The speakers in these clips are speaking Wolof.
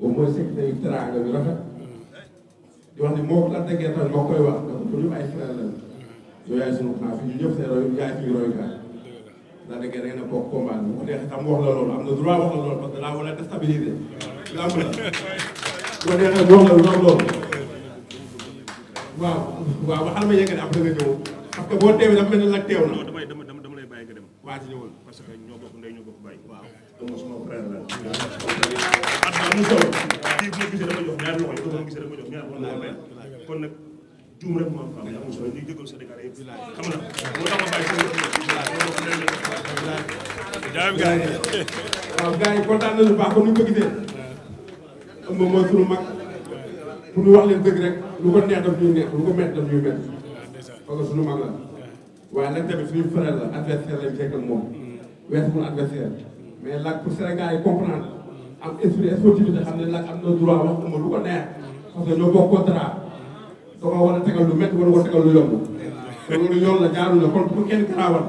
moom mooy secrétaire bi teraanga bi rafet di wax yow a bokk combat bu a déstabiliser. lamb la bu ko nga ñëw parce boo teewee dafa mel ni nag teew na. waaw damay dama dama lay bàyyi nga dem. waa ci parce que ñoo bokk ndey ñoo bokk bàyyi donc sama frère la. at ma mu solo. yi bu na moo baax comme ni ñu ko gisee. ëmb mooy sunu mag pour ñu wax leen dëgg rek lu ko neex daf ñuy neex lu ko métti daf ñuy métti parce que sunu mag waaye nag tamit suñu frère la adversaire lañ fekk moom weesu mun adversaire mais làkk pour Sénégal yi comprendre am esprit sportivité xam ne làkk am na droit wax dama lu ko neex parce que ñoo bokk contrat da ko war a tegal lu métti wala ko tegal lu yomb loolu yoon la jaarul la kon bu kenn garaawal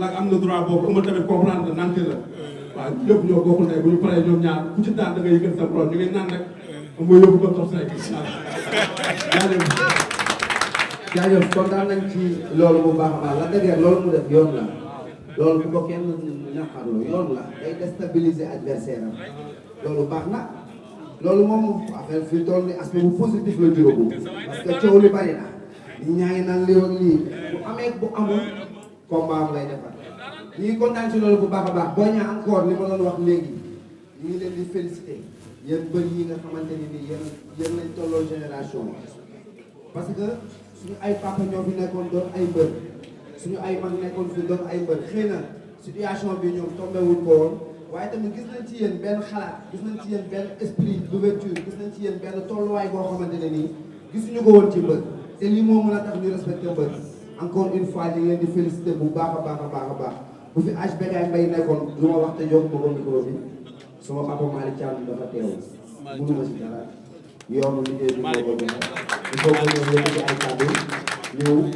làkk am na droit boobu amul tamit comprendre la nante la waaw ñëpp ñoo bokkul ne bu ñu paree ñoom ñaar ku ci daan da ngay yëgal sa borom ñu ngi naan rek am nga yóbbu ko tox say jaajëf jaajëf kontaan nañ ci loolu bu baax a baax la dëgg loolu mu def yoon la loolu bu ko kenn naxarlu yoon la day déstabiliser adversaire am loolu baax na loolu moom affaire fi toll ni aspect bu positif la juróom parce que coow li bari na ñi ñaa ngi naan li woon lii bu amee bu amul combat lay defar ñi kontaan ci loolu bu baax a baax boo ñaa encore li ma doon wax léegi ñu ngi leen di félicité yéen bër yi nga xamante ni nii yéen yéen lañ tolloo génération parce que suñu ay papa ñoo fi nekkoon doon ay mbër suñu ay mag nekkoon fi doon ay mbër xëy na situation bi ñoom tombé wul ko woon waaye tamit gis nañ ci yéen benn xalaat gis nañ ci yéen benn esprit d'ouverture gis nañ ci yéen benn tolluwaay boo xamante ne nii gisuñu ko woon ci mbër te lii moo mën a tax ñu respecté mbër encore une fois yi ngi leen di félicité bu baax a baax a baax a baax bu fi age bégaay mbay nekkoon lu ma wax te jox ma ko micro bi sama papa Malick Thiam dafa teew mënuma si dara yoonu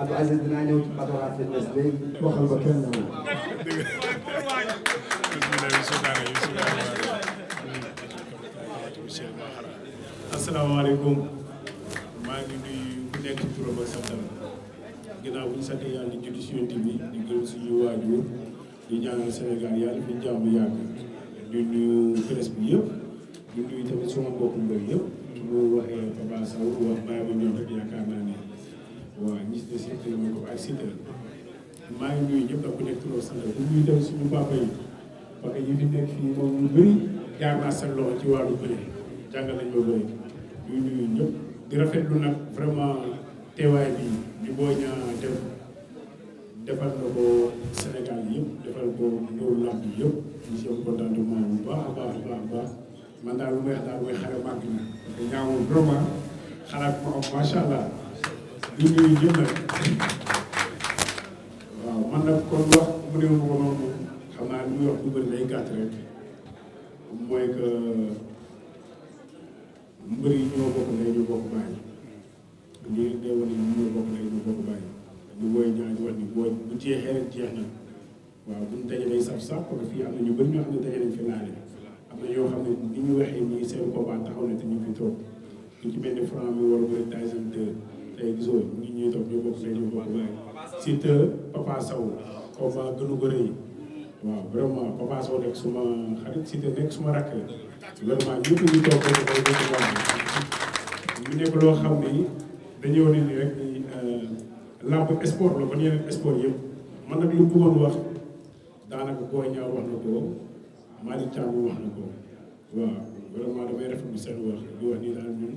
Abdou Aziz dinaa ñëw ci patronage fitness kenn ñëw. asalaamaaleykum maa ngi nuyu ku nekk ci turam ak santam ginnaaw bu ñu sant yàlla julli si yonent bi di suñu waajur di ñaanal Sénégal yàlla fi jàmm yàgg di nuyu presse bi yëpp di nuyu tamit sama mbokku mbër yëpp bu waxee Papa Sow wax bàyyi ba ñoom rek yaakaar naa ne. waaw ñi si ñu ko ak Siteu maa ngi nuyu ko nekk trop sant bu ñuy dem suñu ci wàllu baax a baax a man daal lu may daal mooy xare màgg na parce que vraiment xalaat ma am macha allah. di nuyu ñëpp nag waaw man nag kon wax mu ne ma ko noonu xam yi ñu bokk bàyyi ñu day wane ñu wax ni bu jeexee jeex na waaw bu ñu daje saf saf parce que fii am na ñu bëri ñoo xam ne daje nañ fi am na ñoo xam ne ni ñu waxee nii seen combat taxaw na te ñu fi toog ñu ci mel ni franc mi war a bëri Tyson 2 tey gisoo ñu ñuy tam ñoo bokk tey ñoo bokk waaye Siteu Papa Sow combat gënu ko rëy waaw vraiment Papa Sow nekk suma xarit Siteu nekk suma rakk vraiment ñëpp ñu toog ko loo xam ni dañoo ne ni rek ni euh, làmb sport la kon yeneen sport yëpp man nag lu bëggoon wax daanaka Boy Niang wax na ko Malick Thiam wax na ko waaw vraiment damay rafetlu seen wax di wax nii daal ñun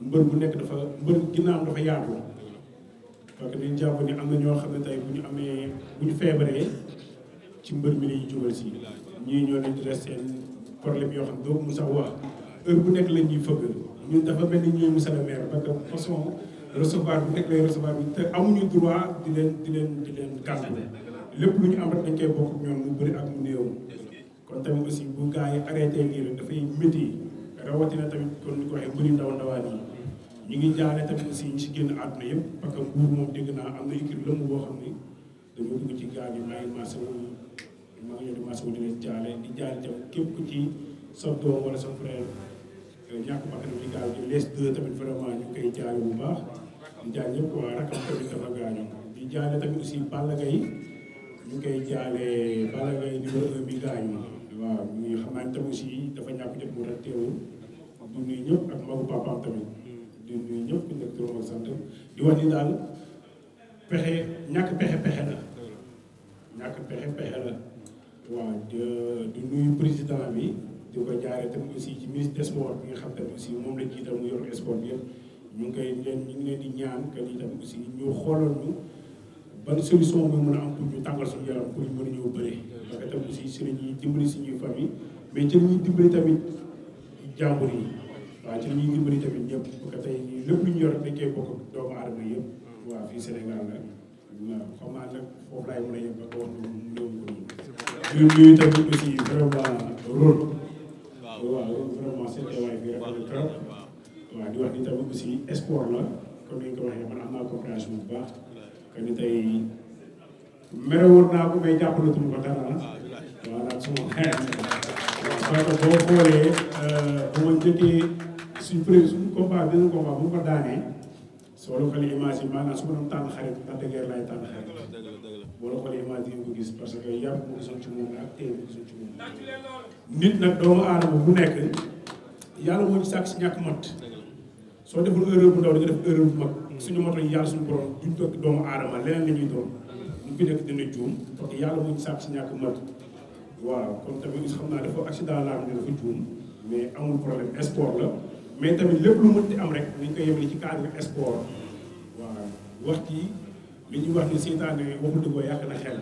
mbër bu nekk dafa mbër am dafa yaatu parce que dañ jàpp ni am na ñoo xam ne bu ñu amee ñu feebaree ci mbër mi lañuy si ñii ñoo leen di yoo xam ne mu sax wax nekk dafa mel ni le maire parce que façon recevoir bu nekk lay recevoir di leen di leen di lu ñu am rek dañ koy bokk ñoom mu bëri ak mu tamit bu yi rawatina tamit kon ñu ko waxee mbëri ndaw ndawaan ñu ngi jaale tamit aussi ñu si génn àdduna yëpp parce que nguur moom dégg naa am na équipe lëmm boo xam ne dañoo dugg ci gaal yi maa ngi masawu maa ngi leen di jaale di képp ci sa doom wala sa frère euh, ñàkk bakkanam ci gaal les deux tamit vraiment ñu koy jaale bu baax di jaale ñëpp waa rakam tamit dafa gaañu di jaale tamit aussi Balla Gaye ñu koy jaale Balla Gaye numéro un bi gaañu waaw ñu xamante tamit aussi dafa ñàkk jot mu rek teewul du nuyu ñëpp ak magu papaam tamit di nuyu ñëpp ku nekk turam ak di wax ni daal pexe ñàkk pexe pexe la ñàkk waaw di nuyu président bi di ko jaaree tam aussi ci ministre des bi nga xam tam aussi moom la jiital mu yor sport bi yëpp ñu ngi leen ñu ngi leen di ñaan que ni tam aussi ñu xoolal ñu ban solution mooy mën a am pour ñu tàngal suñu yaram pour ñu mën a ñëw bëri parce que tam aussi si la ñuy dimbali suñuy famille mais ci ñuy dimbali tamit jàmbur yi. waaw ci li ñuy dimbali tamit ñëpp parce que tey lépp ñu yor dañ koy bokk doomu aadama yëpp mm. waaw fii Sénégal la waaw xam naa nag foofu laay mën a yem wax mu doon ko di wax ni tamit aussi sport la comme ni nga ko waxee am naa coopération bu baax que ni tey mere woon naa ko mais jàppalatuma ko dara ah, voilà sama xeet waaw parce que boo xoolee euh, bu ma suñ premier suñu combat beneen que yar bu gisoon ci moom ak téye def erreur bu mag mm. suñu moto yàlla suñu borom duñ toog doomu aadama leneen la ñuy mu fi nekk dina juum parce yàlla moo ñu sàkk si ñàkk mat waaw kon tamit xam naa dafa accident la am ne dafa juum mais amul problème sport la mais tamit lépp lu mënti am rek nañ ko yemale ci cadre sport waaw wax ci li ñuy wax ni seytaane waxu dëggoo yàq na xel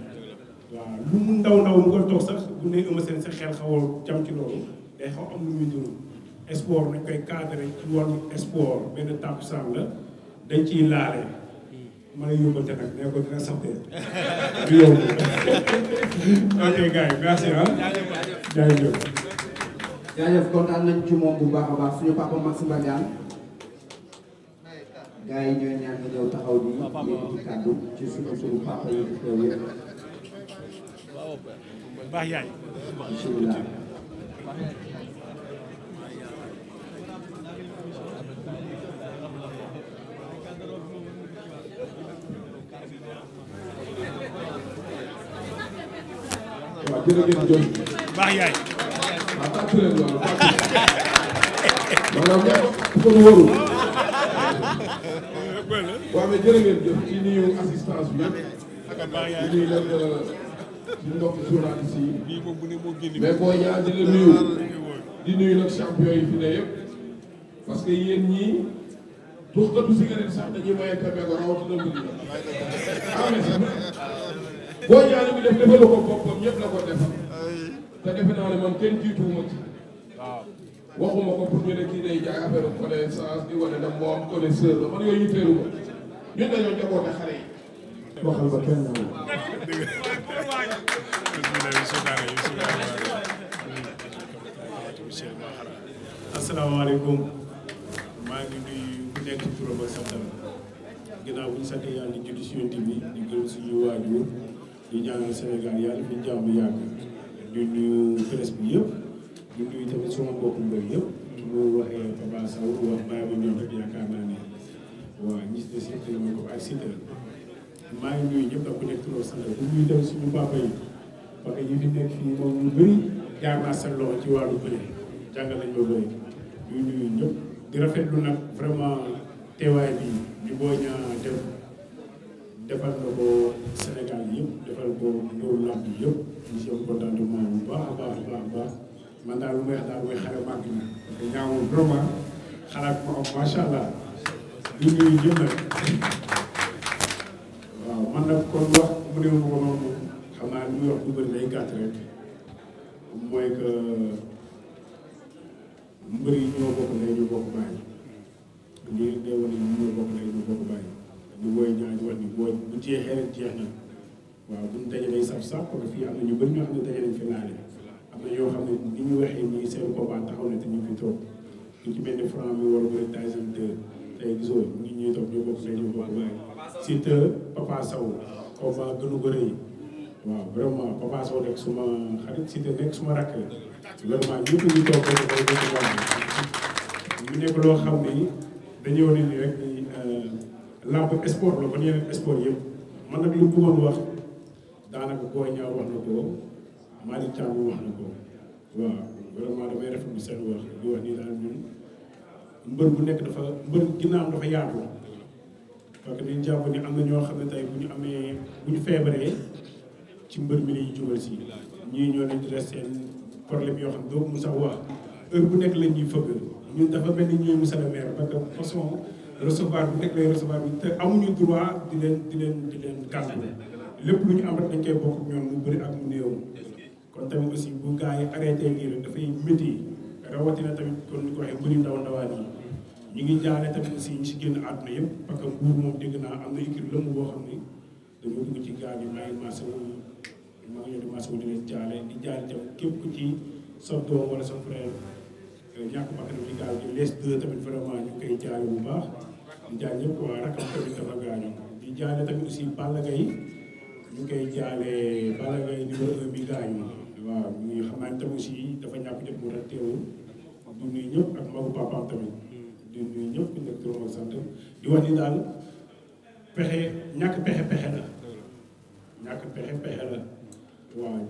waaw lu mu ndaw ndaw mu ko toog sax bu ne ëma seen sa xel xaw jam ci loolu day xaw am lu muy duru sport nañ koy cadre ci wàllu sport benn tàkkusaan la dañ ciy laale ma lay yóbbante nag nee ko dina sante du yow ok gars yi merci ah jaajëf jaajëf kontaan nañ ci moom bu baax a baax suñu papa Maxime Badiane gars yi ñooy ñaan ñu ñëw taxaw di yëkkati kàddu ci suñu suñu papa yi di teew yëpp. baax yaay. bisimilah. tàccu leen loolu maanaam ña ko wóorul waaw mais jërë ngeen jëf ci nuyu assistance bi yëpp di nuyu leen suñu mbokk journaliste mais boo ñaa di la nuyu di ko rawatina mbir mi la ko def te defe naa ne man kenn jiituwuma ci waaw waxuma ko pour ñu ne kii day jaay affaire connaissance di wane ne moom connaisseur la man yooyu yitteelu ma ñun dañoo jaboote xale yi waxal ba kenn asalaamaaleykum maa ngi nuyu ku nekk ci turam ak santam ginnaaw bu ñu sant yàlla di julli si yonent bi di gërëm suñu waajur di ñaanal Sénégal yàlla fi jàmm yàgg di nuyu presse bi yëpp di nuyu tamit sama mbokku mbër yëpp bu waxee Papa Sow wax Baye Mandione rek yaakaar naa ne waaw ñi si des yëpp dañoo ko ak Siteu maa ngi nuyu ñëpp ak ku nekk trop sant bu nuyu ñu bëri jaar naa seen loxo ci wàllu bëri jàngal nañ ma bëri ñu nuyu ñëpp di rafetlu nag vraiment teewaay bi ñu booy ñaa defal na ko Sénégal yëpp defal ko loolu làmb yëpp ñu si am contentement bu baax baax baax baax man daal lu may daal mooy xale màgg na te ñaawul vraiment xalaat mu am macha allah ñu nuyu ñëpp nag waaw man nag kon wax ma ko naa yi ñoo bokk ndey ñu mooy bu jeexee rek jeex na waaw bu ñu dajalee saf-saf parce que am na ñu bëri ñoo xam ne dajalee fi laale am na ñoo xam ne ni ñu waxee nii seen combat taxaw na te ñu ngi fi toog ñu ci mel ni franc mi war bëri Tyson 2 tey gisoo nit ñi toog ñu gënu ko waaw vraiment Papa Sow suma xarit surtout nekk suma rakk vraiment ñëpp ñu toog rek ñu koy ñu nekk loo xam ne dañoo ne ni rek. Euh, làmb sport la kon yeneen sport yëpp man nag lu bëggoon wax daanaka Boy Niang wax na ko Malick Thiam wax na ko waaw vraiment damay rafetlu seen wax di wax nii daal ñun mbër bu nekk dafa mbër am dafa yaatu parce que dañu jàpp ni am na ñoo xam ne tey bu ñu amee bu ñu feebaree ci mbër mi ñu jubal si ñii ñoo leen di des seen problème yoo xam ne doo mu sax wax heure bu nekk lañ ñuy fëgg ñun dafa mel ni ñooy monsieur le maire façon recevoir bi rek lay recevoir bi te amuñu droit di leen di leen di lépp lu ñu am rek dañ koy bokk ñoom mu bëri ak mu néew kon tamit bu gars yi arrêté ngi jaale tamit aussi si génn àdduna parce que boo xam ni dañoo dugg ci gars yi maa ngi masawu maa ngi di leen jaale di jaale tam képp ci sa doom wala sa frère ñàkk bakkanam ci gaal gi les deux tamit vraiment ñu koy jaale bu baax di jaal ñëpp waa rakam tamit dafa gaañu di jaale tamit aussi Balla Gaye ñu ngi koy jaale Balla Gaye numéro 1 bi gaañu waaw bu rek teewul du nuyu ñëpp ak magu papaam sant di wax ni daal ñàkk pexe pexe la ñàkk pexe pexe la waaw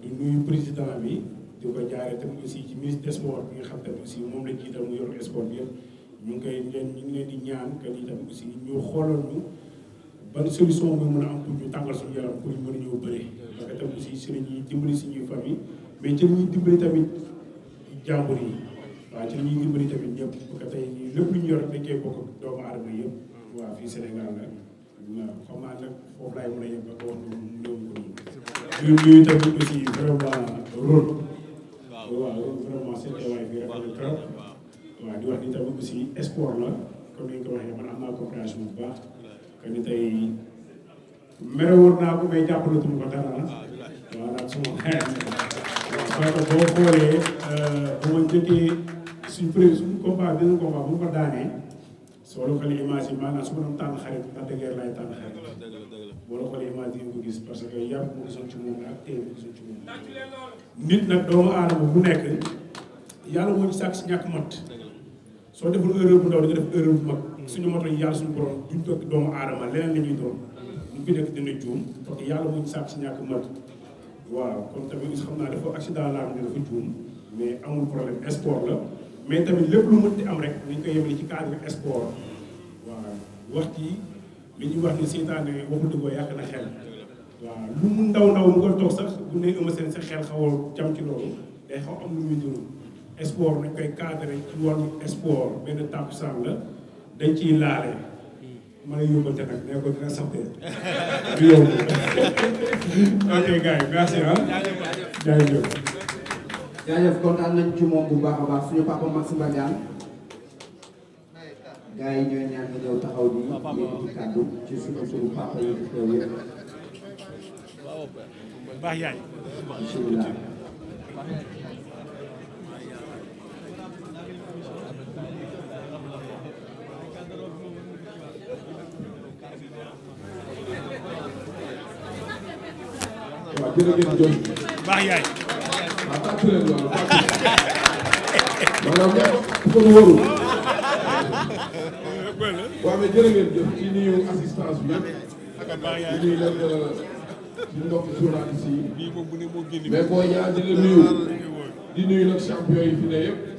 di nuyu président bi di ko jaare tamit aussi ci ministre des sports bi nga xam tamit aussi moom la jiital mu yor sport bi yëpp ñu ngi koy leen ñu ngi leen di ñaan que ni tam ñu xoolal ñu ban solution mooy a am pour ñu tàngal suñu yaram pour ñu mën a ñëw bëre parce que tam aussi si la ñuy dimbali suñuy famille mais ci la ñuy dimbali doomu aadama yëpp waaw fii Sénégal la waaw xam nag foofu laay mën a yem ba ko wax mu néew ko ñu ñuy tamit aussi vraiment rôle waaw vraiment seen teewaay bi rafetlu trop waaw di wax ni tamit aussi sport la comme ni nga ko waxee man am naa compréhension bu baax ko ah, parce que euh, daanee soo la xoolee image yi maanaam su ma doon tànn xarit ndax dëggeer laay tànn xarit boo la xoolee image yi ko gis parce que yàpp mu gisoon ci moom ak téye mu gisoon ci moom nit nag doomu aadama bu nekk yàlla moo ñu sàkk si ñàkk mat soo deful erreur bu ndaw di nga def erreur bu mag mm. suñu moto yi suñu borom duñ doomu aadama leneen la ñuy mu fi nekk dina juum parce que yàlla muñ sàkk si ñàkk mat waaw kon tamit mais amul lépp lu mën di am rek nañ ko yemale ci cadre sport waaw wax ci li ñuy wax ni seytaane waxul di ko yàq na xel waaw lu mu ndaw ndaw mu ko toog sax bu ne ëma seen sa xel xaw a jam ci loolu day xaw am lu muy dund sport nañ koy cadré ci wàllu sport benn tàkkusaan la dañ ciy laale mën a yóbbante nag nee ko dina saxte du yomb ok gars yi merci ah jaajëf jaajëf kontaan nañ ci moom bu baax a suñu papa Maxime Badiane gars yi ñooy ñaan suñu suñu jërë ngeen jëf. baax yaay. waaw tàcc leen loolu. maanaam ku ko wóorul. waaw yëpp. nuyu leen di mbokk journaliste yi. mais boo yëpp.